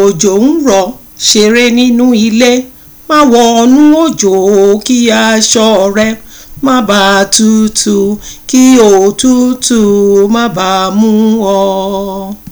òjò ń rọ̀ ṣeré nínú ilé má wọnú òjò kí aṣọ rẹ má bà tutù kí òtútù má bà mú ọ.